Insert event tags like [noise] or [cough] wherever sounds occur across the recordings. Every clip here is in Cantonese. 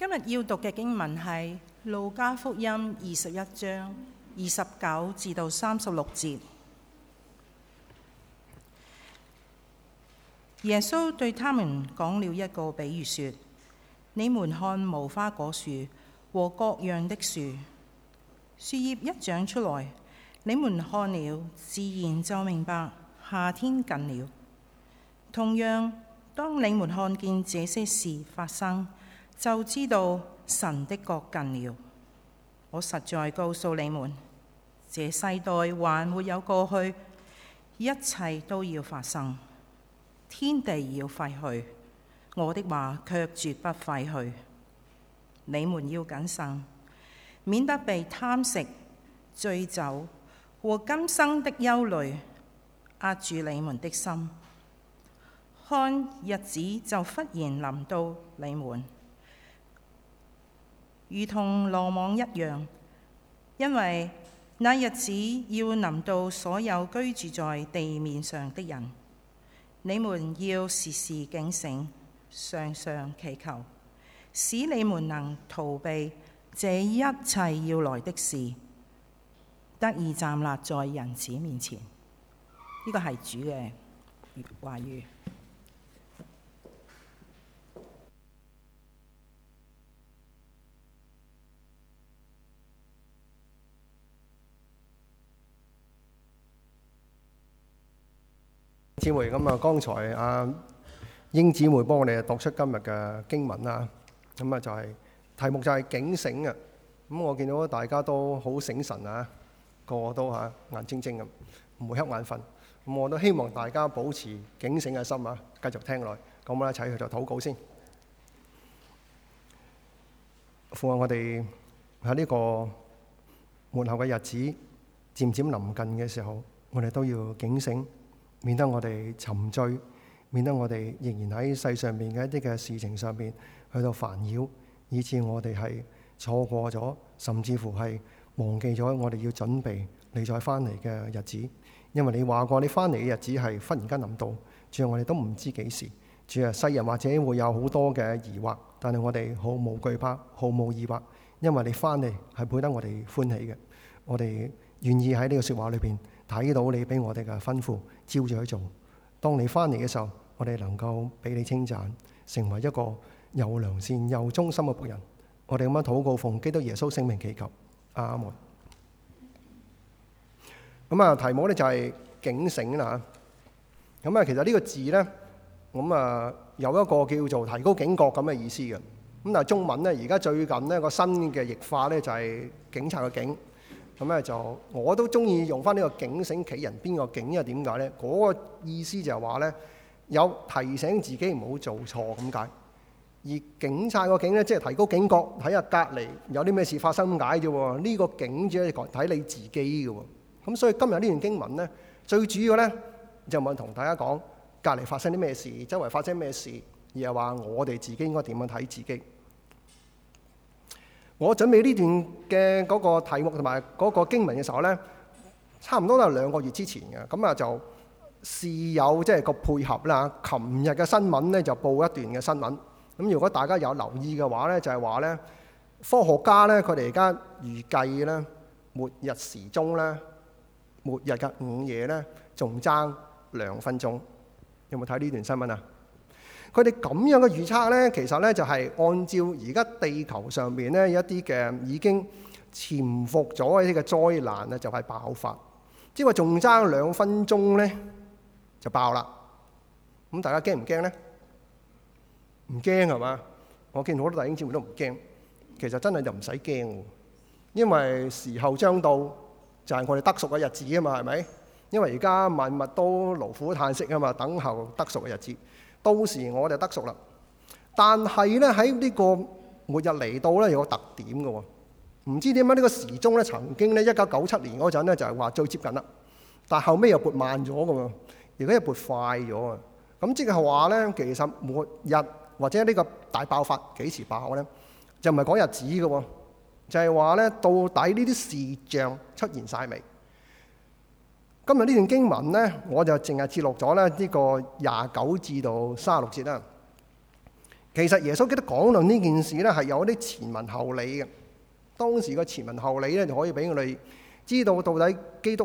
今日要讀嘅經文係《路加福音》二十一章二十九至到三十六節。耶穌對他們講了一個比喻，說：你們看無花果樹和各樣的樹，樹葉一長出來，你們看了自然就明白夏天近了。同樣，當你們看見這些事發生，就知道神的國近了。我實在告訴你們，這世代還沒有過去，一切都要發生，天地要廢去，我的話卻絕不廢去。你們要謹慎，免得被貪食、醉酒和今生的憂慮壓住你們的心，看日子就忽然臨到你們。如同羅網一樣，因為那日子要臨到所有居住在地面上的人，你們要時時警醒，常常祈求，使你們能逃避這一切要來的事，得以站立在人子面前。呢、這個係主嘅話語。姊妹咁啊，剛才阿英姊妹幫我哋讀出今日嘅經文啦，咁啊就係，題目就係警醒啊，咁我見到大家都好醒神啊，個個都啊眼睜睜咁，唔會瞌眼瞓，咁我都希望大家保持警醒嘅心啊，繼續聽落，咁我哋一齊去作禱告先。父啊，我哋喺呢個末後嘅日子漸漸臨近嘅時候，我哋都要警醒。免得我哋沉醉，免得我哋仍然喺世上邊嘅一啲嘅事情上面去到煩擾，以致我哋係錯過咗，甚至乎係忘記咗我哋要準備你再翻嚟嘅日子。因為你話過你翻嚟嘅日子係忽然間臨到，主啊，我哋都唔知幾時。主啊，世人或者會有好多嘅疑惑，但係我哋毫無懼怕，毫無疑惑，因為你翻嚟係配得我哋歡喜嘅。我哋願意喺呢個說話裏邊。睇到你俾我哋嘅吩咐，照住去做。當你翻嚟嘅時候，我哋能夠俾你稱讚，成為一個又良善、又忠心嘅僕人。我哋咁樣禱告奉基督耶穌聖名祈求，阿門。咁啊、嗯，題目呢，就係、是、警醒啦。咁啊，其實呢個字呢，咁啊有一個叫做提高警覺咁嘅意思嘅。咁但係中文呢，而家最近呢、呢個新嘅譯化呢，就係、是、警察嘅警。咁咧就我都中意用翻呢個警醒企人，邊個警啊？又點解呢？嗰、那個意思就係話呢，有提醒自己唔好做錯咁解。而警察個警呢，即係提高警覺，睇下隔離有啲咩事發生咁解啫喎。呢、這個警只係睇你自己噶喎。咁所以今日呢段經文呢，最主要呢，就唔係同大家講隔離發生啲咩事，周圍發生咩事，而係話我哋自己應該點樣睇自己。我準備呢段嘅嗰個題目同埋嗰個經文嘅時候呢，差唔多都係兩個月之前嘅，咁啊就，就是有即係個配合啦。琴日嘅新聞呢，就報一段嘅新聞，咁如果大家有留意嘅話呢，就係話呢，科學家呢，佢哋而家預計呢，末日時鐘呢，末日嘅午夜呢，仲爭兩分鐘，有冇睇呢段新聞啊？佢哋咁樣嘅預測呢，其實呢就係按照而家地球上面呢一啲嘅已經潛伏咗嘅災難咧，就快爆發。即係話仲爭兩分鐘呢，就爆啦。咁大家驚唔驚呢？唔驚係嘛？我見好多弟兄姊妹都唔驚。其實真係就唔使驚，因為時候將到，就係我哋得熟嘅日子啊嘛，係咪？因為而家萬物都勞苦嘆息啊嘛，等候得熟嘅日子。到時我就得熟啦，但係咧，喺呢個末日嚟到咧，有個特點嘅喎、哦，唔知點解呢個時鐘咧，曾經咧一九九七年嗰陣咧就係、是、話最接近啦，但係後尾又撥慢咗嘅喎，而家又撥快咗啊！咁、嗯、即係話咧，其實末日或者呢個大爆發幾時爆咧？就唔係講日子嘅喎、哦，就係話咧，到底呢啲事象出現晒未？今日呢段經文呢，我就淨係節錄咗咧呢個廿九至到三十六節啦。其實耶穌基督講論呢件事呢，係有啲前文後理嘅。當時個前文後理呢，就可以俾我哋知道到底基督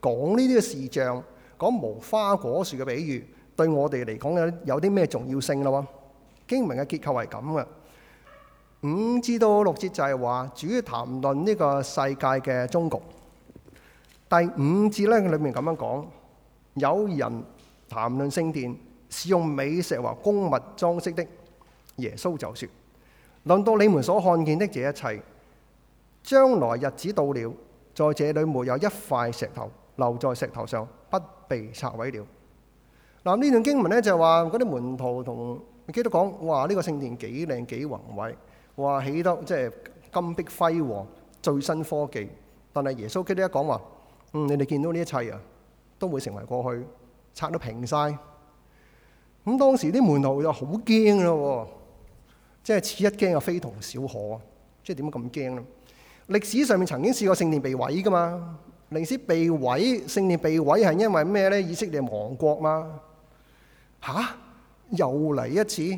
講呢啲嘅事象，講無花果樹嘅比喻，對我哋嚟講有有啲咩重要性啦。經文嘅結構係咁嘅，五至到六節就係話主要談論呢個世界嘅終局。第五節咧，裏面咁樣講：有人談論聖殿是用美石或供物裝飾的，耶穌就説：論到你們所看見的這一切，將來日子到了，在這裡沒有一塊石頭留在石頭上不被拆毀了。嗱、啊，呢段經文呢就係話嗰啲門徒同基督講：哇！呢、這個聖殿幾靚幾宏偉，哇！起得即係、就是、金碧輝煌、最新科技。但係耶穌基督一講話。嗯，你哋見到呢一切啊，都會成為過去，拆得平晒。咁、嗯、當時啲門徒又好驚噶喎，即係此一驚啊，非同小可、啊。即係點解咁驚咧？歷史上面曾經試過聖殿被毀噶嘛？歷史被毀，聖殿被毀係因為咩呢？以色列亡國嘛？吓、啊？又嚟一次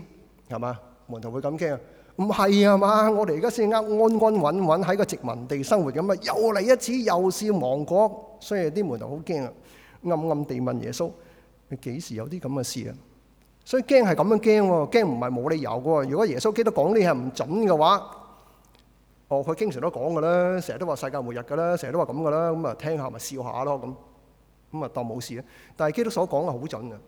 係嘛？門徒會咁驚啊！唔係啊嘛！我哋而家先啱安安穩穩喺個殖民地生活咁啊，又嚟一次又笑亡國，所以啲門徒好驚啊！暗暗地問耶穌：你幾時有啲咁嘅事啊？所以驚係咁樣驚喎，驚唔係冇理由嘅喎。如果耶穌基督講啲嘢係唔準嘅話，哦，佢經常都講㗎啦，成日都話世界末日㗎啦，成日都話咁嘅啦，咁啊聽下咪笑下咯咁，咁啊當冇事啊。但係基督所講嘅好準啊，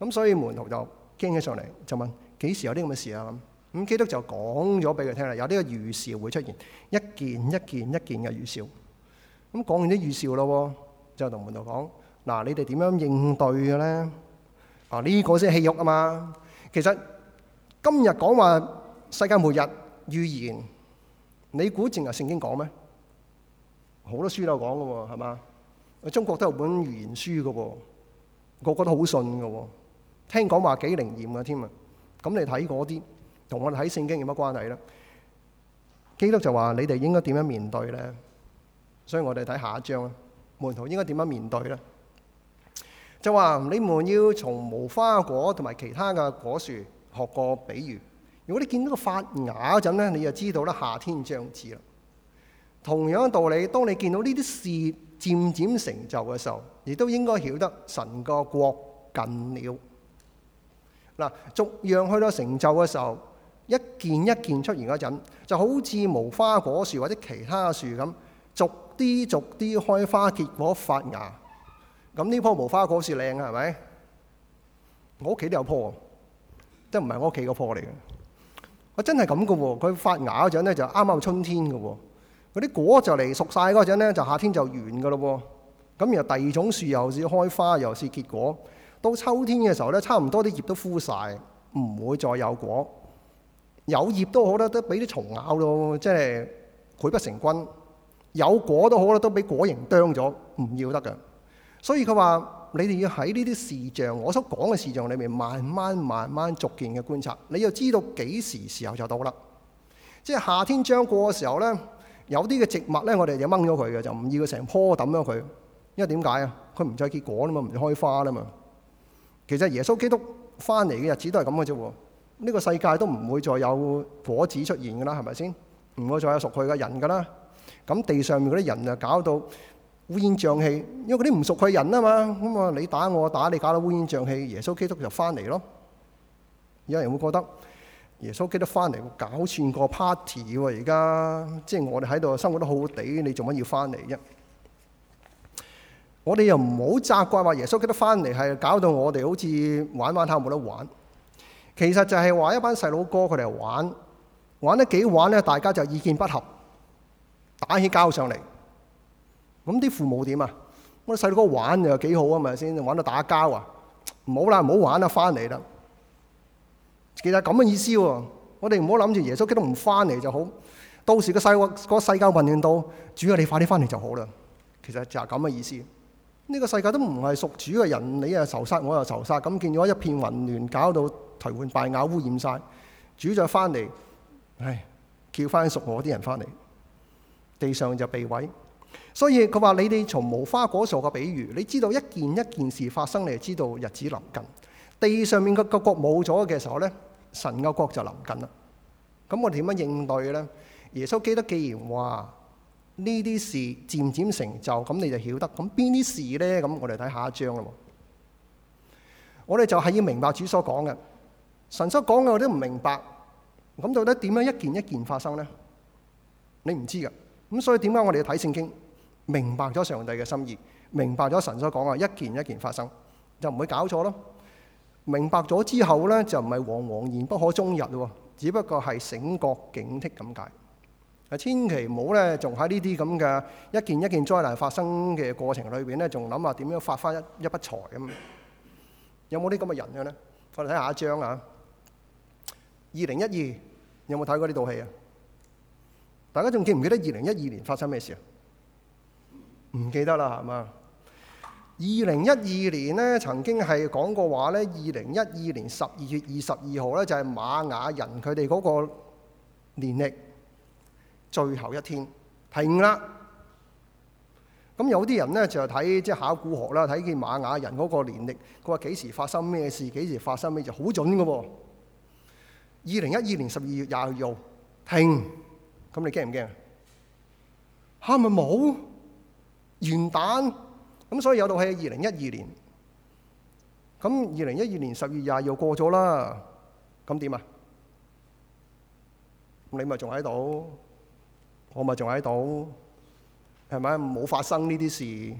咁所以門徒就驚起上嚟，就問幾時有啲咁嘅事啊？咁基督就講咗俾佢聽啦，有呢個預兆會出現，一件一件一件嘅預兆。咁講完啲預兆咯，就同門徒講：嗱，你哋點樣應對嘅咧？啊，呢、這個先係戲肉啊嘛。其實今日講話世界末日預言，你估淨係聖經講咩？好多書都有講噶，係嘛？我中國都有本預言書噶，我覺得好信噶，聽講話幾靈驗噶添啊。咁你睇嗰啲？同我哋喺聖經有乜關係咧？基督就話你哋應該點樣面對咧？所以我哋睇下一章啊，門徒應該點樣面對咧？就話你們要從無花果同埋其他嘅果樹學個比喻。如果你見到個發芽嗰陣咧，你就知道咧，夏天將至啦。同樣嘅道理，當你見到呢啲事漸漸成就嘅時候，亦都應該曉得神個國近了。嗱，逐樣去到成就嘅時候。一件一件出現嗰陣，就好似無花果樹或者其他樹咁，逐啲逐啲開花結果發芽。咁呢棵無花果樹靚啊，係咪？我屋企都有棵，即唔係我屋企個棵嚟嘅。我、啊、真係咁嘅喎，佢發芽嗰陣咧就啱啱春天嘅喎，嗰啲果就嚟熟晒嗰陣咧就夏天就完嘅咯喎。咁然後第二種樹，又是開花又是結果，到秋天嘅時候咧，差唔多啲葉都枯晒，唔會再有果。有葉都好啦，都俾啲蟲咬到，即係潰不成軍；有果都好啦，都俾果蠅啄咗，唔要得嘅。所以佢話：你哋要喺呢啲視像，我所講嘅視像裏面，慢慢、慢慢、逐漸嘅觀察，你要知道幾時時候就到啦。即係夏天將過嘅時候咧，有啲嘅植物咧，我哋就掹咗佢嘅，就唔要佢成棵抌咗佢。因為點解啊？佢唔再結果啦嘛，唔開花啦嘛。其實耶穌基督翻嚟嘅日子都係咁嘅啫。呢個世界都唔會再有火子出現噶啦，係咪先？唔會再有熟佢嘅人噶啦。咁地上面嗰啲人就搞到烏煙瘴氣，因為嗰啲唔熟佢嘅人啊嘛。咁啊，你打我，我打你，搞到烏煙瘴氣。耶穌基督就翻嚟咯。有人會覺得耶穌基督翻嚟搞串個 party 喎，啊，而家即係我哋喺度生活得好好地，你做乜要翻嚟啫？我哋又唔好責怪話耶穌基督翻嚟係搞到我哋好似玩玩下冇得玩。其實就係話一班細佬哥佢哋玩玩得幾玩咧，大家就意見不合，打起交上嚟。咁啲父母點啊，啊，啊？我哋細佬哥玩又幾好啊？咪先，玩到打交啊？唔好啦，唔好玩啦，翻嚟啦。其實咁嘅意思，我哋唔好諗住耶穌基督唔翻嚟就好。到時個世，個世界混亂到，主啊，你快啲翻嚟就好啦。其實就係咁嘅意思。呢個世界都唔係屬主嘅人，你又仇殺，我又仇殺，咁見到一片混亂，搞到頹垣敗瓦，污染晒。主就翻嚟，係叫翻屬我啲人翻嚟，地上就被毀。所以佢話：你哋從無花果樹嘅比喻，你知道一件一件事發生，你就知道日子臨近。地上面個個國冇咗嘅時候咧，神嘅國就臨近啦。咁我哋點樣應對呢？耶穌基督，既然話。呢啲事漸漸成就，咁你就曉得。咁邊啲事呢？咁我哋睇下一章咯。我哋就係要明白主所講嘅，神所講嘅我都唔明白。咁到底點樣一件一件發生呢？你唔知㗎。咁所以點解我哋要睇聖經，明白咗上帝嘅心意，明白咗神所講嘅，一件一件發生，就唔會搞錯咯。明白咗之後呢，就唔係惶惶然不可終日咯。只不過係醒覺警惕咁解。啊，千祈唔好咧，仲喺呢啲咁嘅一件一件災難發生嘅過程裏邊咧，仲諗下點樣發翻一一筆財咁。有冇啲咁嘅人嘅咧？翻嚟睇下一張啊！二零一二，有冇睇過呢套戲啊？大家仲記唔記得二零一二年發生咩事啊？唔記得啦係嘛！二零一二年咧，曾經係講過話咧，二零一二年十二月二十二號咧，就係瑪雅人佢哋嗰個年曆。最後一天停啦，咁有啲人咧就睇即考古學啦，睇見瑪雅人嗰個年曆，佢話幾時發生咩事，幾時發生咩就好準㗎喎。二零一二年十二月廿二號停，咁你驚唔驚？係咪冇元旦，咁所以有套戲二零一二年，咁二零一二年十二月廿二號過咗啦，咁點啊？咁你咪仲喺度？我咪仲喺度，係咪？冇發生呢啲事，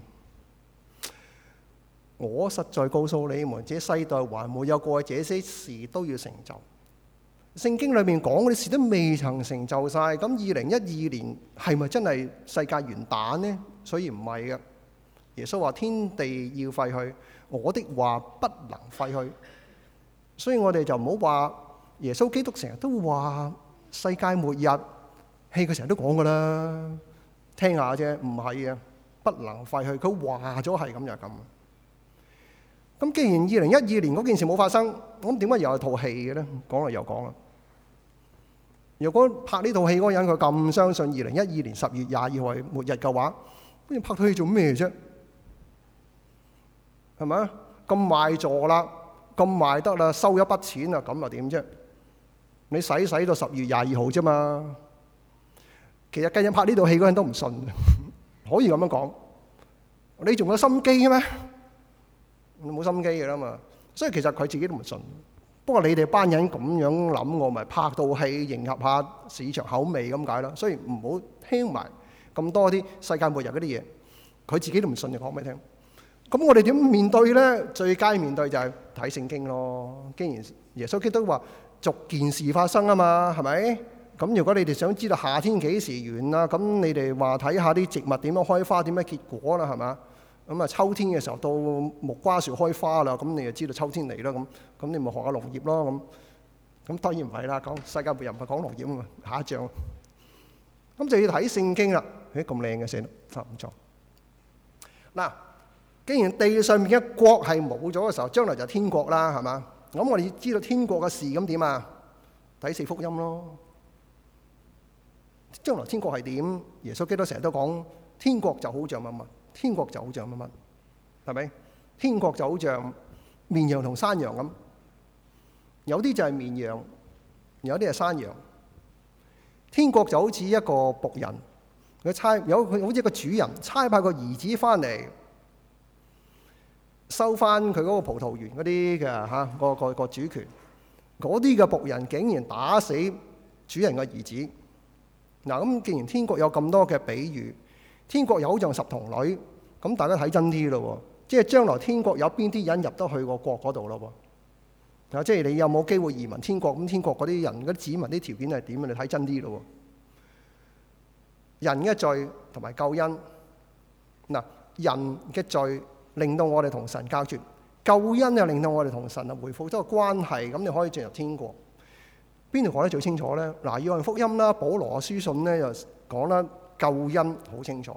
我實在告訴你們，這世代還沒有過去，這些事都要成就。聖經裏面講嗰啲事都未曾成就晒。咁二零一二年係咪真係世界完蛋呢？所以唔係嘅。耶穌話：天地要廢去，我的話不能廢去。所以我哋就唔好話耶穌基督成日都話世界末日。戲，佢成日都講噶啦，聽下啫。唔係啊，不能廢去。佢話咗係咁就係咁。咁既然二零一二年嗰件事冇發生，咁點解又係套戲嘅咧？講嚟又講啦。如果拍呢套戲嗰個人佢咁相信二零一二年十月廿二號係末日嘅話，咁拍套戲做咩啫？係咪啊？咁賣座啦，咁賣得啦，收一筆錢啊，咁又點啫？你使使到十月廿二號啫嘛？其實跟住拍呢套戲嗰人都唔信，可以咁樣講，你仲有心機咩？你冇心機嘅啦嘛，所以其實佢自己都唔信。不過你哋班人咁樣諗，我咪拍套戲迎合下市場口味咁解咯。所以唔好聽埋咁多啲世界末日嗰啲嘢。佢自己都唔信，就講俾你聽。咁我哋點面對咧？最佳面對就係睇聖經咯。既然耶穌基督話逐件事發生啊嘛，係咪？咁如果你哋想知道夏天幾時完啦，咁你哋話睇下啲植物點樣開花、點樣結果啦，係嘛？咁啊秋天嘅時候到木瓜樹開花啦，咁你就知道秋天嚟啦咁，咁你咪學下農業咯咁。咁當然唔係啦，講世界末日唔係講農業喎，下一章。咁就要睇聖經啦。誒咁靚嘅寫得唔錯。嗱，既然地上面嘅國係冇咗嘅時候，將來就係天國啦，係嘛？咁我哋要知道天國嘅事咁點啊？睇四福音咯。將來天國係點？耶穌基督成日都講天國就好像乜乜，天國就好像乜乜，係咪？天國就好像綿羊同山羊咁，有啲就係綿羊，有啲係山羊。天國就好似一個僕人，佢差有佢好似一個主人，差派個兒子翻嚟收翻佢嗰個葡萄園嗰啲嘅吓個個個主權。嗰啲嘅僕人竟然打死主人嘅兒子。嗱，咁、嗯、既然天國有咁多嘅比喻，天國又好像十童女，咁、嗯、大家睇真啲咯喎，即係將來天國有邊啲人入得去個國嗰度咯喎？嗱、嗯，即係你有冇機會移民天國？咁、嗯、天國嗰啲人、嗰啲子民啲條件係點啊？你睇真啲咯喎。人嘅罪同埋救恩，嗱、嗯，人嘅罪令到我哋同神隔絕，救恩又令到我哋同神啊恢復咗個關係，咁、嗯、你可以進入天國。邊度講得最清楚咧？嗱，以聖福音啦，保羅嘅書信咧又講得救恩好清楚。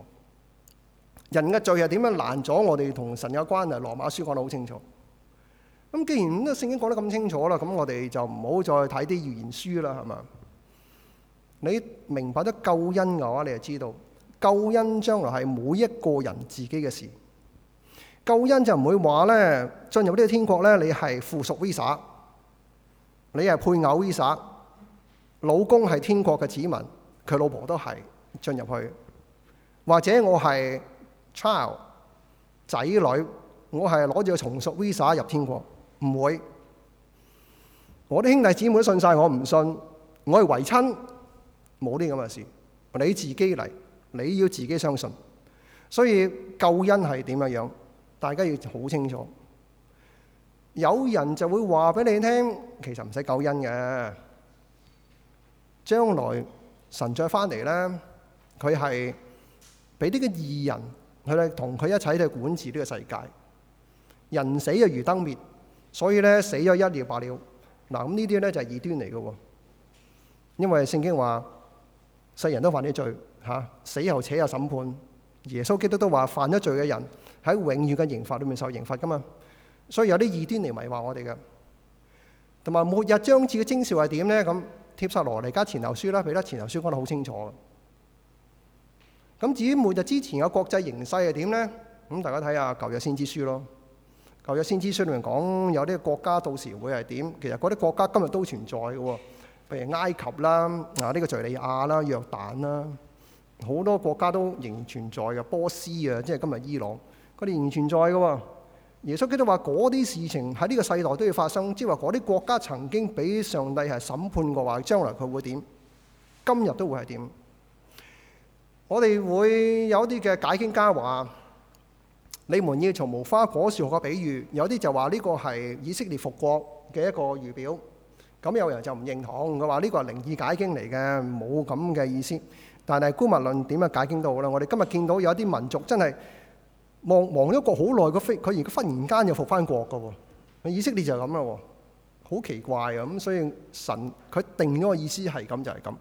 人嘅罪係點樣攔阻我哋同神有關係？羅馬書講得好清楚。咁既然聖經講得咁清楚啦，咁我哋就唔好再睇啲預言書啦，係嘛？你明白得救恩嘅話，你就知道救恩將來係每一個人自己嘅事。救恩就唔會話咧，進入呢個天國咧，你係附屬 visa。你係配偶 visa，老公係天國嘅子民，佢老婆都係進入去。或者我係 child 仔女，我係攞住個從屬 visa 入天國，唔會。我啲兄弟姊妹都信晒，我唔信，我係違親，冇啲咁嘅事。你自己嚟，你要自己相信。所以救恩係點嘅樣，大家要好清楚。有人就會話俾你聽，其實唔使救恩嘅，將來神再翻嚟咧，佢係俾呢個異人佢哋同佢一齊去管治呢個世界。人死就如燈滅，所以咧死咗一了百了。嗱，咁呢啲咧就係、是、異端嚟嘅，因為聖經話世人都犯咗罪，吓、啊、死後且有審判。耶穌基督都話犯咗罪嘅人喺永遠嘅刑罰裏面受刑罰噶嘛。所以有啲異端嚟迷惑我哋嘅，同埋末日將至嘅徵兆係點呢？咁帖撒羅尼加前後書啦，譬如前後書講得好清楚。咁至於末日之前嘅國際形勢係點呢？咁大家睇下舊約先知書咯。舊約先知書裡面講有啲國家到時會係點？其實嗰啲國家今日都存在嘅喎，譬如埃及啦、啊，呢個敘利亞啦、約旦啦，好多國家都仍存在嘅。波斯啊，即係今日伊朗，佢哋仍存在嘅喎。耶穌基督話：嗰啲事情喺呢個世代都要發生，即係話嗰啲國家曾經俾上帝係審判過，話將來佢會點，今日都會係點。我哋會有啲嘅解經家話：你們要從無花果樹學個比喻，有啲就話呢個係以色列復國嘅一個預表。咁有人就唔認同，佢話呢個係靈意解經嚟嘅，冇咁嘅意思。但係姑勿論點樣解經都好啦。我哋今日見到有啲民族真係。望望咗一個好耐，個飛佢而家忽然間又復翻國噶。以色列就係咁啦，好奇怪啊！咁所以神佢定咗個意思係咁就係咁。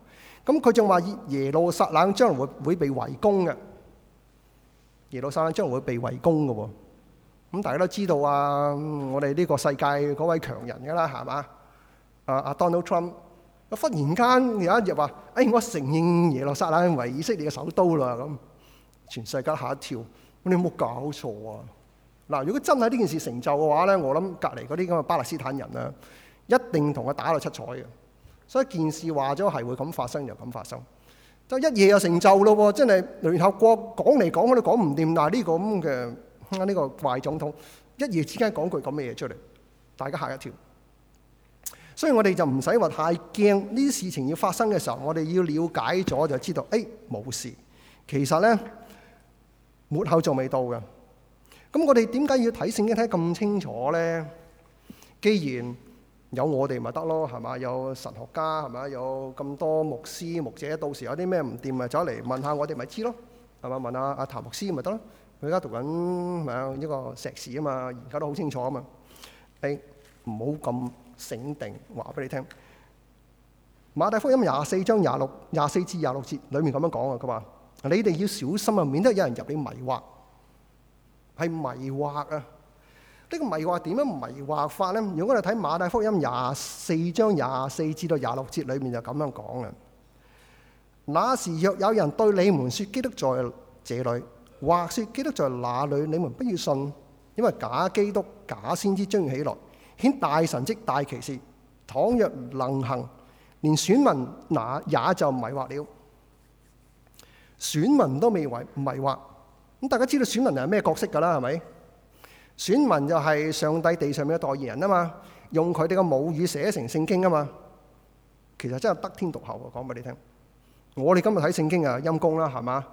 咁佢仲話耶路撒冷將來會會被圍攻嘅，耶路撒冷將來會被圍攻噶。咁大家都知道啊，我哋呢個世界嗰位強人噶啦，係嘛啊？阿 Donald Trump，忽然間有一日話：哎，我承認耶路撒冷為以色列嘅首都啦。咁全世界吓一跳。你有冇搞錯啊！嗱，如果真係呢件事成就嘅話咧，我諗隔離嗰啲咁嘅巴勒斯坦人咧，一定同佢打到七彩嘅。所以件事話咗係會咁發生，就咁發生。就一夜又成就咯，真係聯合國講嚟講，講，我都講唔掂。但係呢個咁嘅，呢個壞總統一夜之間講句咁嘅嘢出嚟，大家嚇一跳。所以我哋就唔使話太驚。呢啲事情要發生嘅時候，我哋要了解咗就知道，哎、欸、冇事。其實咧。末後仲未到嘅，咁我哋點解要睇聖經睇得咁清楚咧？既然有我哋咪得咯，係嘛？有神學家係嘛？有咁多牧師、牧者，到時有啲咩唔掂咪走嚟問下我哋咪知咯，係嘛？問阿阿譚牧師咪得咯，佢而家讀緊咪一個碩士啊嘛，研究得好清楚啊嘛。你唔好咁醒定，話俾你聽。馬太福音廿四章廿六廿四至廿六節裡面咁樣講啊，佢話。你哋要小心啊，免得有人入你迷惑，係迷惑啊！呢個迷惑點樣迷惑法咧？如果我哋睇馬太福音廿四章廿四至到廿六節裡面就咁樣講嘅。那時若有人對你們說基督在這裡，或說基督在哪裡，你們不要信，因為假基督假先知將要起來顯大神蹟大奇事，倘若能行，連選民那也就迷惑了。選民都未迷，唔迷惑。咁大家知道選民係咩角色噶啦，係咪？選民就係上帝地上面嘅代言人啊嘛，用佢哋嘅母語寫成聖經啊嘛。其實真係得天獨厚啊！講俾你聽，我哋今日睇聖經啊，陰公啦，係嘛？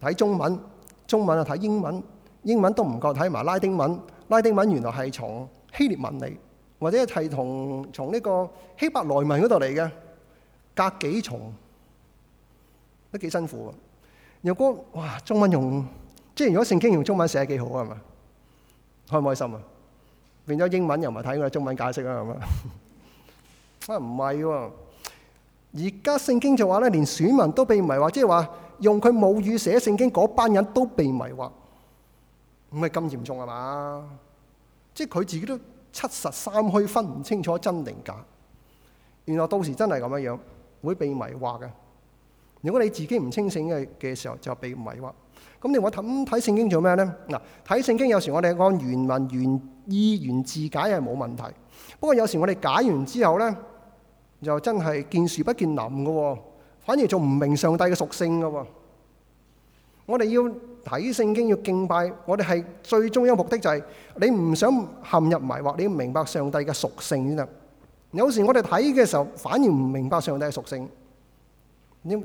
睇中文，中文啊睇英文，英文都唔夠睇埋拉丁文。拉丁文原來係從希臘文嚟，或者係同從呢個希伯萊文來文嗰度嚟嘅，隔幾重都幾辛苦。如果哇，中文用即係如果聖經用中文寫幾好啊？係嘛，開唔開心啊？變咗英文又唔係睇佢中文解釋啦，係嘛？啊， [laughs] 唔係喎！而家聖經就話咧，連選民都被迷惑，即係話用佢母語寫聖經嗰班人都被迷惑，唔係咁嚴重係嘛？即係佢自己都七十三虛分唔清楚真定假，原來到時真係咁樣樣，會被迷惑嘅。如果你自己唔清醒嘅嘅時候就被迷惑，咁你話睇睇聖經做咩咧？嗱，睇聖經有時我哋按原文原意原字解係冇問題，不過有時我哋解完之後咧，就真係見樹不見林噶，反而仲唔明上帝嘅屬性噶。我哋要睇聖經要敬拜，我哋係最終嘅目的就係你唔想陷入迷惑，你要明白上帝嘅屬性先得。有時我哋睇嘅時候反而唔明白上帝嘅屬性，因。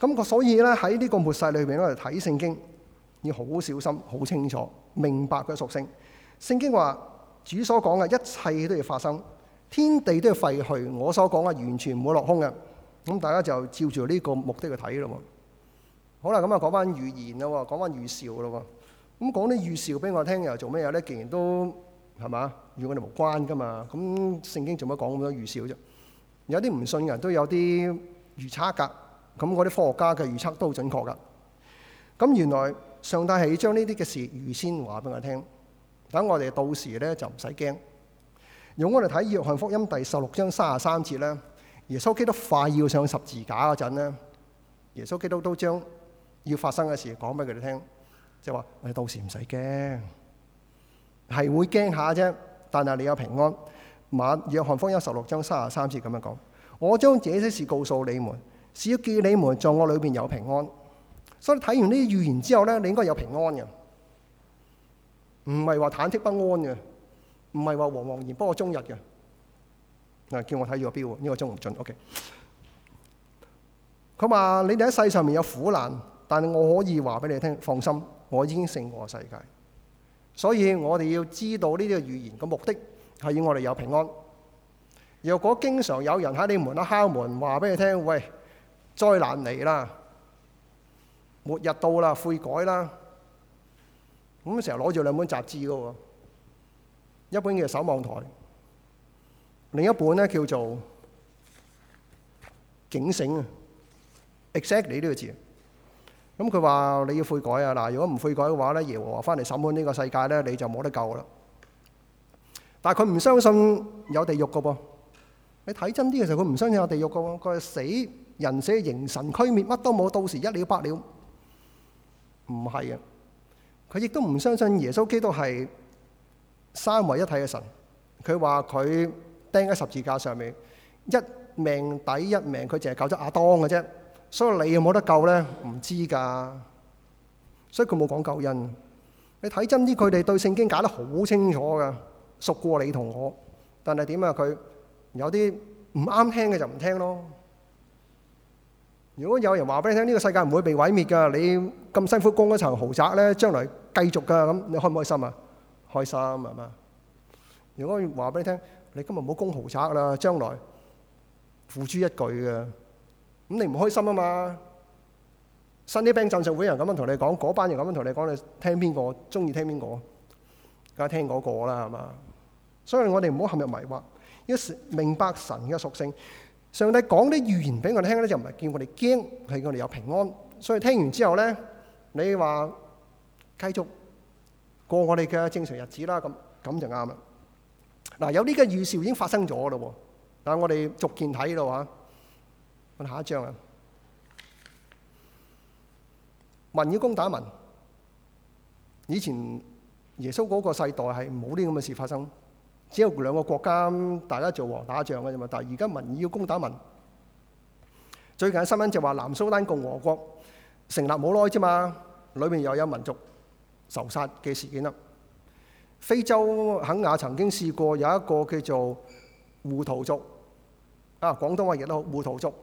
咁所以咧喺呢個末世裏邊咧嚟睇聖經，要好小心、好清楚、明白佢嘅屬性。聖經話主所講嘅一切都要發生，天地都要廢去。我所講嘅完全唔會落空嘅。咁、嗯、大家就照住呢個目的去睇咯。好啦，咁啊講翻預言啦，講翻預兆啦。咁講啲預兆俾我聽又做咩嘢咧？既然都係嘛與我哋無關噶嘛，咁、嗯、聖經做乜講咁多預兆啫？有啲唔信人都有啲預差格。咁嗰啲科學家嘅預測都好準確㗎。咁原來上帝係要將呢啲嘅事預先話俾我聽，等我哋到時咧就唔使驚。用我哋睇《約翰福音》第十六章三十三節咧，耶穌基督快要上十字架嗰陣咧，耶穌基督都將要發生嘅事講俾佢哋聽，即係話我哋到時唔使驚，係會驚下啫。但係你有平安。馬《約翰福音》十六章三十三節咁樣講，我將這些事告訴你們。是要叫你們在我裏面有平安，所以睇完呢啲預言之後咧，你應該有平安嘅，唔係話忐忑不安嘅，唔係話惶惶然不可終日嘅。啊，叫我睇住個表，呢個鐘唔準。OK，佢話你哋喺世上面有苦難，但係我可以話俾你聽，放心，我已經勝過世界。所以我哋要知道呢啲預言嘅目的係要我哋有平安。若果經常有人喺你門口敲門，話俾你聽，喂。災難嚟啦，末日到啦，悔改啦。咁成日攞住兩本雜誌噶喎，一本叫守望台，另一本咧叫做警醒啊。exactly 呢個字，咁佢話你要悔改啊。嗱，如果唔悔改嘅話咧，耶和華翻嚟審判呢個世界咧，你就冇得救啦。但係佢唔相信有地獄噶噃，你睇真啲嘅時候，佢唔相信有地獄噶喎，佢係死。人死形神俱滅，乜都冇，到時一了百了，唔係啊！佢亦都唔相信耶穌基督係三位一體嘅神。佢話佢釘喺十字架上面，一命抵一命，佢淨係救咗亞當嘅啫。所以你有冇得救咧？唔知噶。所以佢冇講救恩。你睇真啲，佢哋對聖經解得好清楚噶，熟過你同我。但係點啊？佢有啲唔啱聽嘅就唔聽咯。如果有人話俾你聽呢，這個世界唔會被毀滅㗎，你咁辛苦供嗰層豪宅咧，將來繼續㗎，咁你開唔開心啊？開心係嘛？如果話俾你聽，你今日唔好供豪宅啦，將來付諸一炬嘅，咁你唔開心啊嘛？新啲兵浸信會有人咁樣同你講，嗰班人咁樣同你講，你聽邊個中意聽邊個？梗係聽嗰個啦，係嘛？所以我哋唔好陷入迷惑，要明白神嘅屬性。上帝講啲預言俾我哋聽咧，就唔係叫我哋驚，係叫我哋有平安。所以聽完之後咧，你話繼續過我哋嘅正常日子啦。咁咁就啱啦。嗱、啊，有呢個預兆已經發生咗咯。但我哋逐件睇咯嚇。我、啊、下一章啊，民要攻打民。以前耶穌嗰個世代係冇啲咁嘅事發生。只有兩個國家，大家做和打仗嘅啫嘛。但係而家民要攻打民。最近新聞就話南蘇丹共和國成立冇耐啫嘛，裏面又有民族仇殺嘅事件啦。非洲肯亞曾經試過有一個叫做胡圖族啊，廣東話亦都好胡圖族，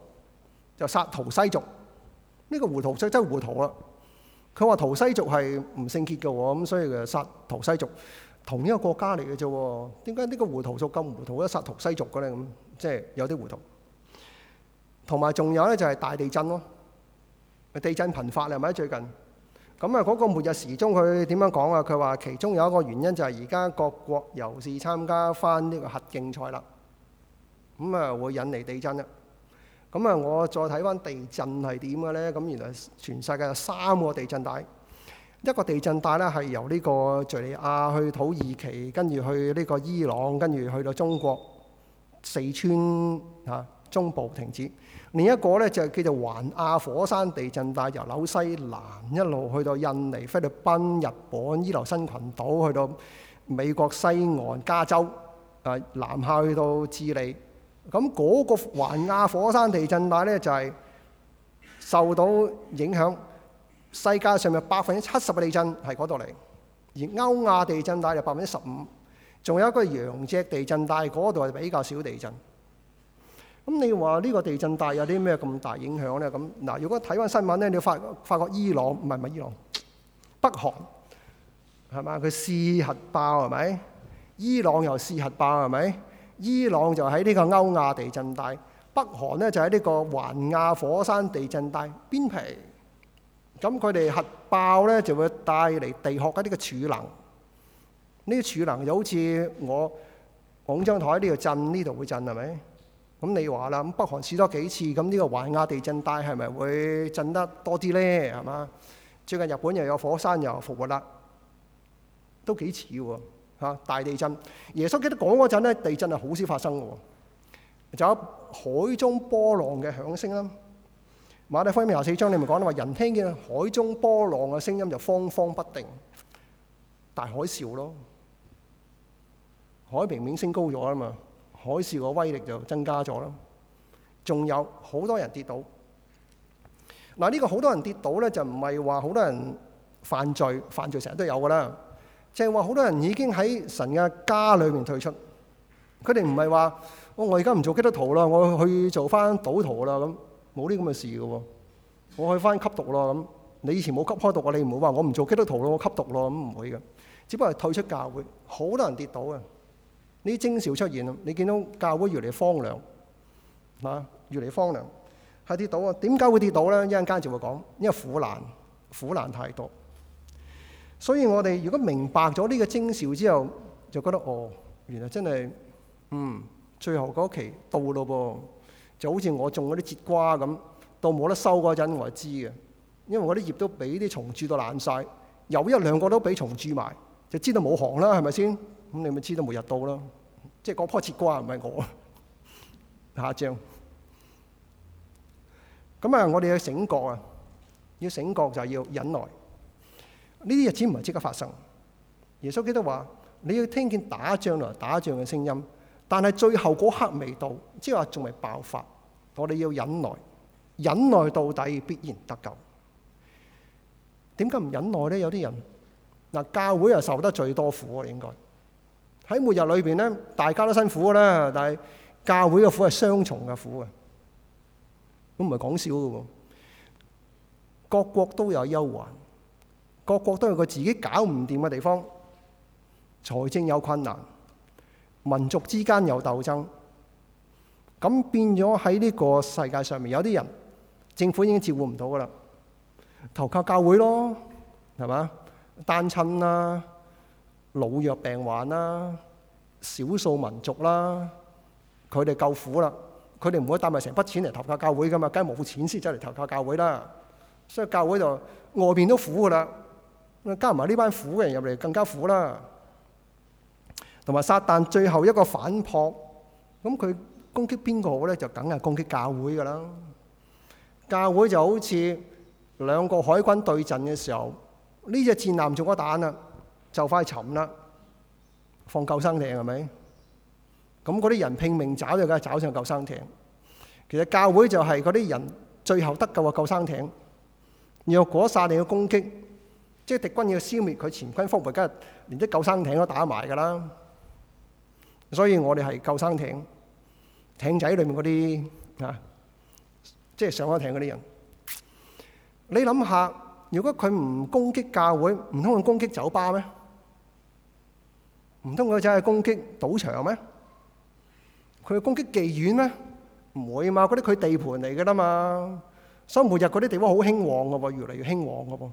就是、殺圖西族。呢、這個胡圖族真係胡圖啊！佢話圖西族係唔聖潔嘅，咁所以就殺圖西族。同一個國家嚟嘅啫，點解呢個胡圖族咁糊塗，一殺圖西族嘅咧咁，即係有啲糊塗。同埋仲有咧，就係、是、大地震咯，地震頻發啦，係咪啊？最近咁啊，嗰、那個末日時鐘佢點樣講啊？佢話其中有一個原因就係而家各國又試參加翻呢個核競賽啦，咁啊會引嚟地震啦。咁啊，我再睇翻地震係點嘅咧？咁原來全世界有三個地震帶。一個地震帶咧係由呢個敍利亞去土耳其，跟住去呢個伊朗，跟住去到中國四川嚇，啊、中部停止。另一個呢，就叫做環亞火山地震帶，由紐西蘭一路去到印尼、菲律賓、日本、伊留新群島，去到美國西岸加州、啊，南下去到智利。咁嗰個環亞火山地震帶呢，就係、是、受到影響。世界上面百分之七十嘅地震係嗰度嚟，而歐亞地震帶就百分之十五，仲有一個洋脊地震帶，嗰度係比較少地震。咁你話呢個地震帶有啲咩咁大影響呢？咁嗱，如果睇翻新聞呢，你發發覺伊朗唔係，唔係伊朗，北韓係嘛？佢試核爆係咪？伊朗又試核爆係咪？伊朗就喺呢個歐亞地震帶，北韓呢就喺呢個環亞火山地震帶邊皮。咁佢哋核爆咧就會帶嚟地殼一啲嘅儲能，呢儲能就好似我講張台呢度震，呢度會震係咪？咁你話啦，咁北韓試多幾次，咁呢個環亞地震帶係咪會震得多啲咧？係嘛？最近日本又有火山又有復活啦，都幾似喎大地震。耶穌基督講嗰陣咧，地震係好少發生喎，就有海中波浪嘅響聲啦。馬太福音廿四章，你咪講啦，話人聽見海中波浪嘅聲音就慌慌不定，大海嘯咯，海平面升高咗啊嘛，海嘯嘅威力就增加咗啦，仲有好多人跌倒。嗱，呢個好多人跌倒咧，就唔係話好多人犯罪，犯罪成日都有噶啦，即係話好多人已經喺神嘅家裏面退出，佢哋唔係話我我而家唔做基督徒啦，我去做翻賭徒啦咁。冇呢咁嘅事嘅喎，我去翻吸毒咯咁。你以前冇吸開毒啊，你唔好話我唔做基督徒咯，我吸毒咯咁，唔會嘅。只不過退出教會，好多人跌倒啊！呢啲徵兆出現啦，你見到教會越嚟越荒涼啊，越嚟越荒涼，係跌倒啊！點解會跌倒咧？一陣間就會講，因為苦難，苦難太多。所以我哋如果明白咗呢個徵兆之後，就覺得哦，原來真係嗯，最後嗰期到咯噃。就好似我種嗰啲節瓜咁，到冇得收嗰陣，我知嘅，因為我啲葉都俾啲蟲蛀到爛曬，有一兩個都俾蟲蛀埋，就知道冇行啦，係咪先？咁你咪知道末日到啦，即係嗰樖節瓜唔係我，下章。咁啊，我哋要醒覺啊，要醒覺就係要忍耐。呢啲日子唔係即刻發生。耶穌基督話：你要聽見打仗來打仗嘅聲音。但係最後嗰刻未到，即係話仲未爆發，我哋要忍耐，忍耐到底必然得救。點解唔忍耐咧？有啲人嗱，教會啊，受得最多苦啊，應該喺末日裏邊咧，大家都辛苦嘅啦。但係教會嘅苦係雙重嘅苦嘅，咁唔係講笑嘅喎。各國都有憂患，各國都有個自己搞唔掂嘅地方，財政有困難。民族之間有鬥爭，咁變咗喺呢個世界上面，有啲人政府已經照顧唔到噶啦，投靠教會咯，係嘛？單親啦、啊、老弱病患啦、啊、少數民族啦、啊，佢哋夠苦啦，佢哋唔會帶埋成筆錢嚟投靠教會噶嘛，梗係冇錢先走去投靠教會啦。所以教會就外邊都苦噶啦，加埋呢班苦嘅人入嚟，更加苦啦。同埋撒但最後一個反撲，咁佢攻擊邊個好咧？就梗係攻擊教會噶啦。教會就好似兩個海軍對陣嘅時候，呢隻戰艦中咗彈啦，就快沉啦，放救生艇係咪？咁嗰啲人拼命找就梗係找上救生艇。其實教會就係嗰啲人最後得救嘅救生艇。若果撒但要攻擊，即係敵軍要消滅佢前軍覆滅，梗係連啲救生艇都打埋噶啦。所以我哋係救生艇艇仔裏面嗰啲啊，即係上咗艇嗰啲人。你諗下，如果佢唔攻擊教會，唔通佢攻擊酒吧咩？唔通佢真係攻擊賭場咩？佢攻擊妓院咩？唔會嘛？嗰啲佢地盤嚟噶啦嘛。所以每日嗰啲地方好興旺噶喎，越嚟越興旺噶噃。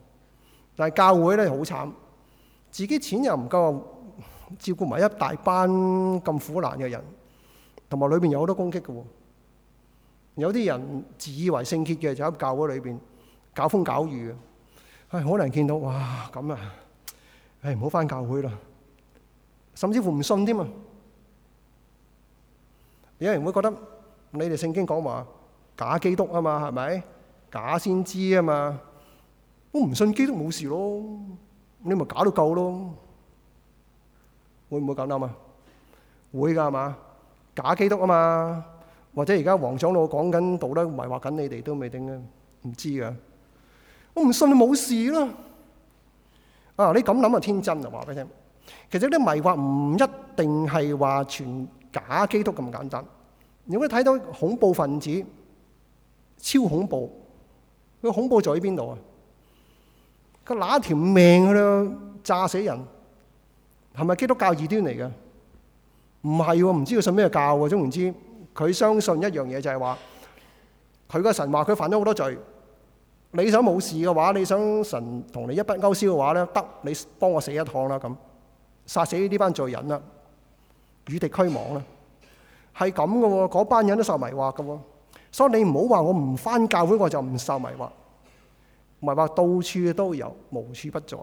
但係教會咧好慘，自己錢又唔夠。照顧埋一大班咁苦難嘅人，同埋裏邊有好多攻擊嘅喎。有啲人自以為聖潔嘅，就喺教會裏邊搞風搞雨嘅。唉，好難見到哇咁啊！唉，唔好返教會啦。甚至乎唔信添啊！有人會覺得你哋聖經講話假基督啊嘛，係咪假先知啊嘛？我唔信基督冇事咯，你咪假都夠咯。會唔會咁諗啊？會噶係嘛？假基督啊嘛？或者而家黃長老講緊道德迷惑緊你哋都未定咧，唔知噶。我唔信你冇事咯。啊，你咁諗啊天真！啊！話俾你聽，其實啲迷惑唔一定係話全假基督咁簡單。如果你睇到恐怖分子，超恐怖，佢恐怖在喺邊度啊？佢拿條命去咯，炸死人。係咪基督教異端嚟嘅？唔係喎，唔知佢信咩教喎，總言之，佢相信一樣嘢就係話，佢個神話佢犯咗好多罪。你想冇事嘅話，你想神同你一筆勾銷嘅話咧，得，你幫我死一趟啦，咁殺死呢班罪人啦，與敵俱亡啦，係咁嘅喎。嗰班人都受迷惑嘅喎，所以你唔好話我唔翻教會我就唔受迷惑，迷惑到處都有，無處不在。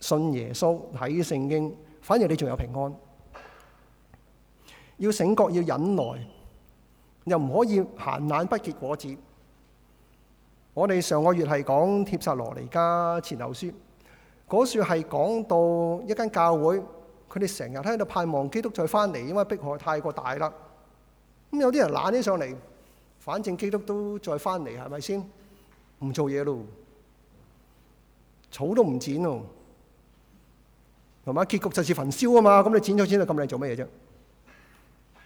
信耶穌睇聖經，反而你仲有平安。要醒覺，要忍耐，又唔可以閒懶不結果子。我哋上個月係講帖撒羅尼加前後書，嗰書係講到一間教會，佢哋成日喺度盼望基督再翻嚟，因為迫害太過大啦。咁有啲人懶起上嚟，反正基督都再翻嚟，係咪先？唔做嘢咯，草都唔剪咯。同埋結局就是焚燒啊嘛，咁你剪咗剪咁靚做乜嘢啫？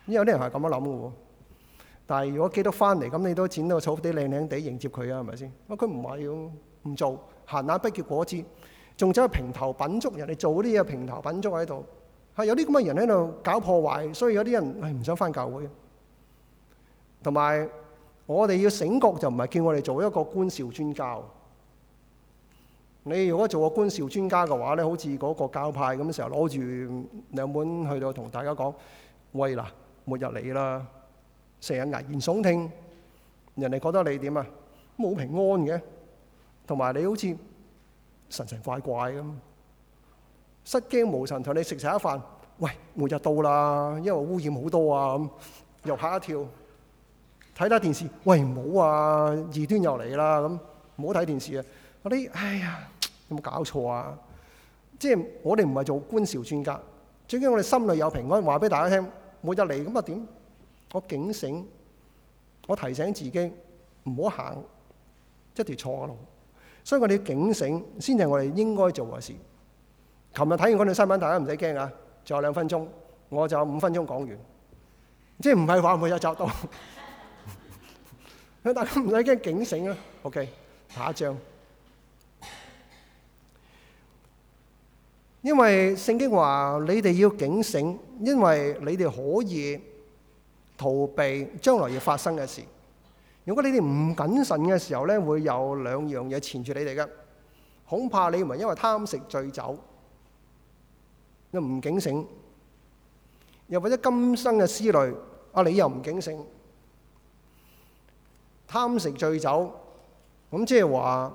因為有啲人係咁樣諗嘅喎。但係如果基督翻嚟，咁你都剪到草地靚靚地迎接佢啊？係咪先？啊，佢唔係要唔做，行下不結果子，仲走去平頭品足，人哋做啲嘢平頭品足喺度。係有啲咁嘅人喺度搞破壞，所以有啲人係哎，唔想翻教會。同埋我哋要醒覺，就唔係叫我哋做一個官兆專教。你如果做個官少專家嘅話咧，好似嗰個教派咁成日攞住兩本去到同大家講，喂嗱，末日嚟啦！成日危言聳聽，人哋覺得你點啊？冇平安嘅，同埋你好似神神怪怪咁，失驚無神，同你食晒一飯。喂，末日到啦，因為污染好多啊，咁又嚇一跳。睇睇電視，喂，唔好啊，異端又嚟啦，咁唔好睇電視啊！啲哎呀～有冇搞錯啊？即係我哋唔係做官潮專家，最緊我哋心裏有平安，話俾大家聽，冇得嚟，咁啊？點我警醒，我提醒自己唔好行一條錯嘅路，所以我哋警醒先係我哋應該做嘅事。琴日睇完嗰段新聞，大家唔使驚啊！仲有兩分鐘，我就五分鐘講完，即係唔係話冇得執到，咁大家唔使驚，警醒啊。O K，下一張。因為聖經話你哋要警醒，因為你哋可以逃避將來要發生嘅事。如果你哋唔謹慎嘅時候咧，會有兩樣嘢纏住你哋嘅，恐怕你唔係因為貪食醉酒又唔警醒，又或者今生嘅思慮啊，你又唔警醒，貪食醉酒，噉即係話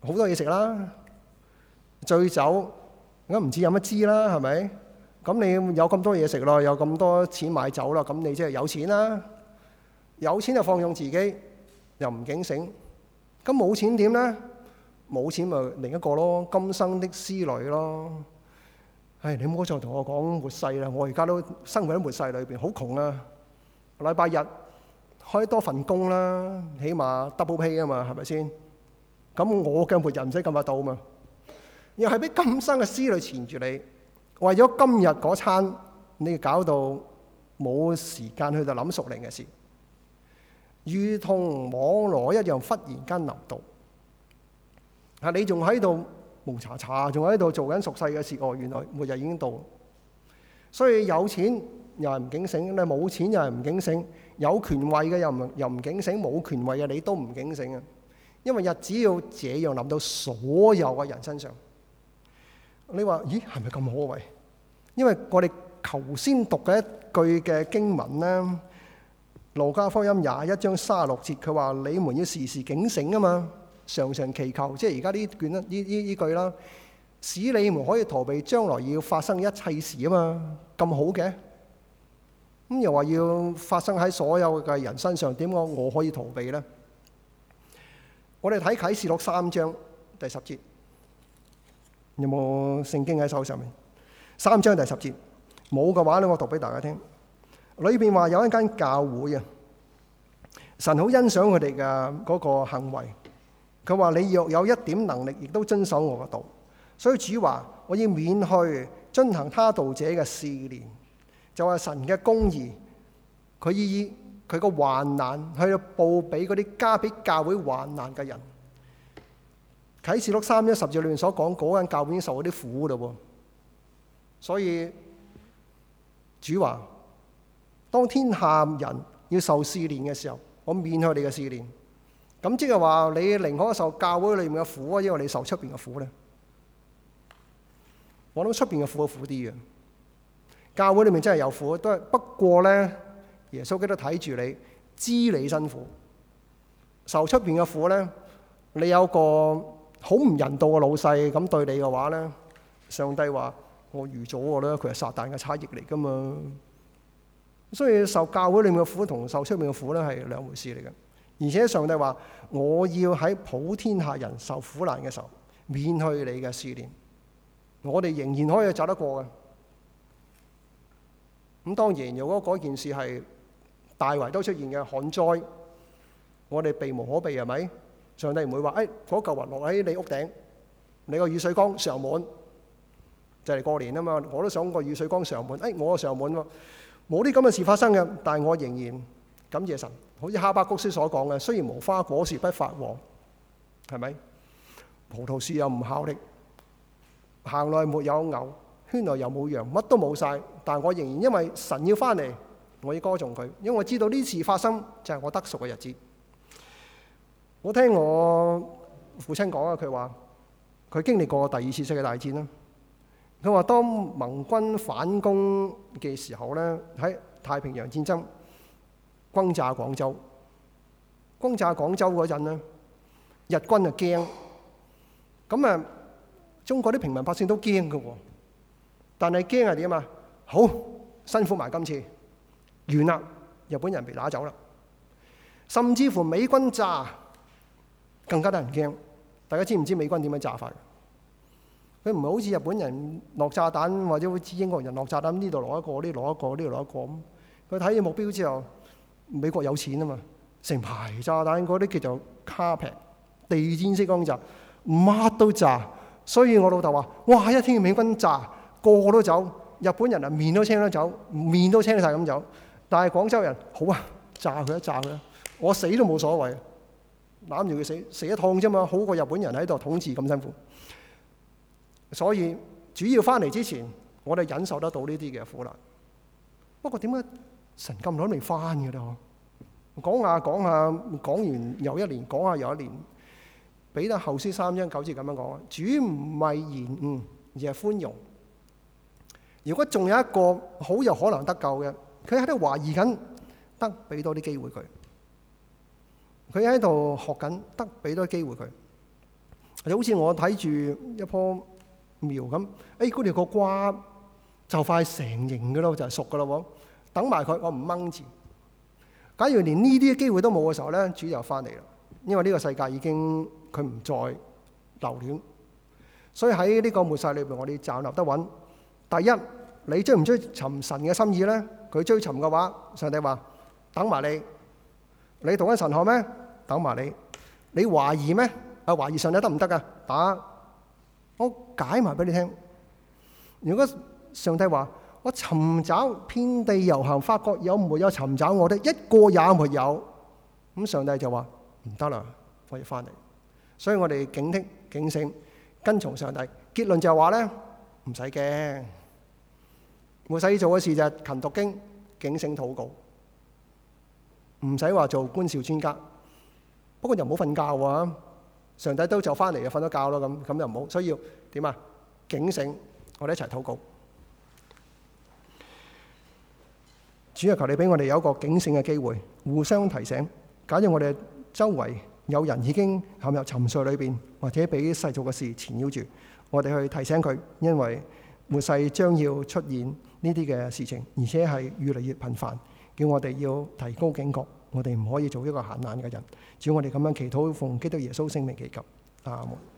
好多嘢食啦，醉酒。咁唔知有乜知啦，係咪？咁你有咁多嘢食咯，有咁多錢買酒啦，咁你即係有錢啦。有錢就放縱自己，又唔警醒。咁冇錢點咧？冇錢咪另一個咯，今生的思慮咯。唉，你唔好再同我講末世啦，我而家都生活喺末世裏邊，好窮啊！禮拜日開多份工啦，起碼 double pay 啊嘛，係咪先？咁我嘅末日就唔使咁快到嘛。又係俾今生嘅思慮纏住你，為咗今日嗰餐，你搞到冇時間去度諗屬靈嘅事，如同網羅一樣，忽然間臨到啊！你仲喺度蒙查查，仲喺度做緊屬世嘅事哦。原來末日已經到，所以有錢又係唔警醒，你冇錢又係唔警醒，有權位嘅又唔又唔警醒，冇權位嘅你都唔警醒啊！因為日子要這樣臨到所有嘅人身上。你話：咦，係咪咁好啊？因為我哋頭先讀嘅一句嘅經文咧，《路加福音廿一章卅六節》，佢話：你們要時時警醒啊嘛，常常祈求，即係而家呢卷呢呢句啦，使你們可以逃避將來要發生一切事啊嘛，咁好嘅，咁又話要發生喺所有嘅人身上，點講我可以逃避呢？我哋睇啟示錄三章第十節。有冇聖經喺手上面？三章第十節，冇嘅話咧，我讀俾大家聽。裏邊話有一間教會啊，神好欣賞佢哋嘅嗰個行為。佢話你若有一點能力，亦都遵守我嘅道。所以主話我要免去遵行他道者嘅試煉，就話神嘅公義，佢以佢個患難去報俾嗰啲加俾教會患難嘅人。啟示錄三一十節裏面所講嗰間教會已經受咗啲苦啦，所以主話當天下人要受試煉嘅時候，我免去你嘅試煉。咁即係話你寧可受教會裏面嘅苦啊，因為你受出邊嘅苦咧。我諗出邊嘅苦苦啲嘅，教會裏面真係有苦，都不過咧，耶穌基督睇住你，知你辛苦，受出邊嘅苦咧，你有個。好唔人道嘅老細咁對你嘅話呢？上帝話我預咗噶啦，佢係撒旦嘅差役嚟噶嘛。所以受教會裏面嘅苦同受出面嘅苦呢，係兩回事嚟嘅。而且上帝話我要喺普天下人受苦難嘅時候，免去你嘅試煉，我哋仍然可以走得過嘅。咁當然，如果嗰件事係大圍都出現嘅旱災，我哋避無可避，係咪？上帝唔會話，誒，嗰嚿雲落喺你屋頂，你個雨水缸上滿，就嚟過年啊嘛！我都想個雨水缸上滿，誒，我上滿喎，冇啲咁嘅事發生嘅。但係我仍然感謝神，好似哈巴谷書所講嘅，雖然無花果樹不發旺，係咪？葡萄樹又唔效力，行內沒有牛，圈內又冇羊，乜都冇晒。但我仍然因為神要返嚟，我要歌頌佢，因為我知道呢次發生就係我得贖嘅日子。我聽我父親講啊，佢話佢經歷過第二次世界大戰啦。佢話當盟軍反攻嘅時候咧，喺太平洋戰爭轟炸廣州、轟炸廣州嗰陣咧，日軍就驚咁啊。中國啲平民百姓都驚㗎喎，但係驚係點啊？好辛苦埋今次完啦，日本人被打走啦。甚至乎美軍炸。更加得人驚！大家知唔知美軍點樣炸法？佢唔係好似日本人落炸彈，或者好似英國人落炸彈呢度落一個，呢度落一個，呢度落一個。佢睇住目標之後，美國有錢啊嘛，成排炸彈嗰啲叫做 carpet 地氈式咁炸，乜都炸。所以我老豆話：「哇！一聽見美軍炸，個個都走。日本人啊，面都青得走，面都青晒咁走。但係廣州人好啊，炸佢一、啊、炸佢、啊、我死都冇所謂。攬住佢死死一趟啫嘛，好過日本人喺度統治咁辛苦。所以主要翻嚟之前，我哋忍受得到呢啲嘅苦難。不過點解神咁耐都未翻嘅咧？講下講下，講完又一年，講下又一年。彼得後書三章九節咁樣講：主唔係延誤，而係寬容。如果仲有一個好有可能得救嘅，佢喺度懷疑緊，得俾多啲機會佢。佢喺度學緊，得俾多啲機會佢。就好似我睇住一棵苗咁，哎，嗰條個瓜就快成形嘅咯，就係熟嘅咯。等埋佢，我唔掹字。假如連呢啲機會都冇嘅時候咧，主就翻嚟啦。因為呢個世界已經佢唔再留戀，所以喺呢個末世裏邊，我哋站立得穩。第一，你追唔追尋神嘅心意咧？佢追尋嘅話，上帝話等埋你。你讀緊神學咩？等埋你，你懷疑咩？啊，懷疑上帝得唔得噶？打，我解埋俾你聽。如果上帝話我尋找遍地遊行，發覺有沒有尋找我的一個也沒有，咁上帝就話唔得啦，我要翻嚟。所以我哋警惕、警醒、跟從上帝。結論就係話咧，唔使驚，我使做嘅事就係勤讀經、警醒禱告，唔使話做官僚專家。不過又唔好瞓覺喎，啊，上帝都就翻嚟啊，瞓咗覺咯，咁咁又唔好，所以點啊？警醒，我哋一齊禱告。主啊，求你俾我哋有一個警醒嘅機會，互相提醒。假如我哋周圍有人已經陷入沉睡裏邊，或者俾世俗嘅事纏繞住，我哋去提醒佢，因為末世將要出現呢啲嘅事情，而且係越嚟越頻繁，叫我哋要提高警覺。我哋唔可以做一個閒懶嘅人，只要我哋咁樣祈禱。奉基督耶穌聖名，祈求，阿門。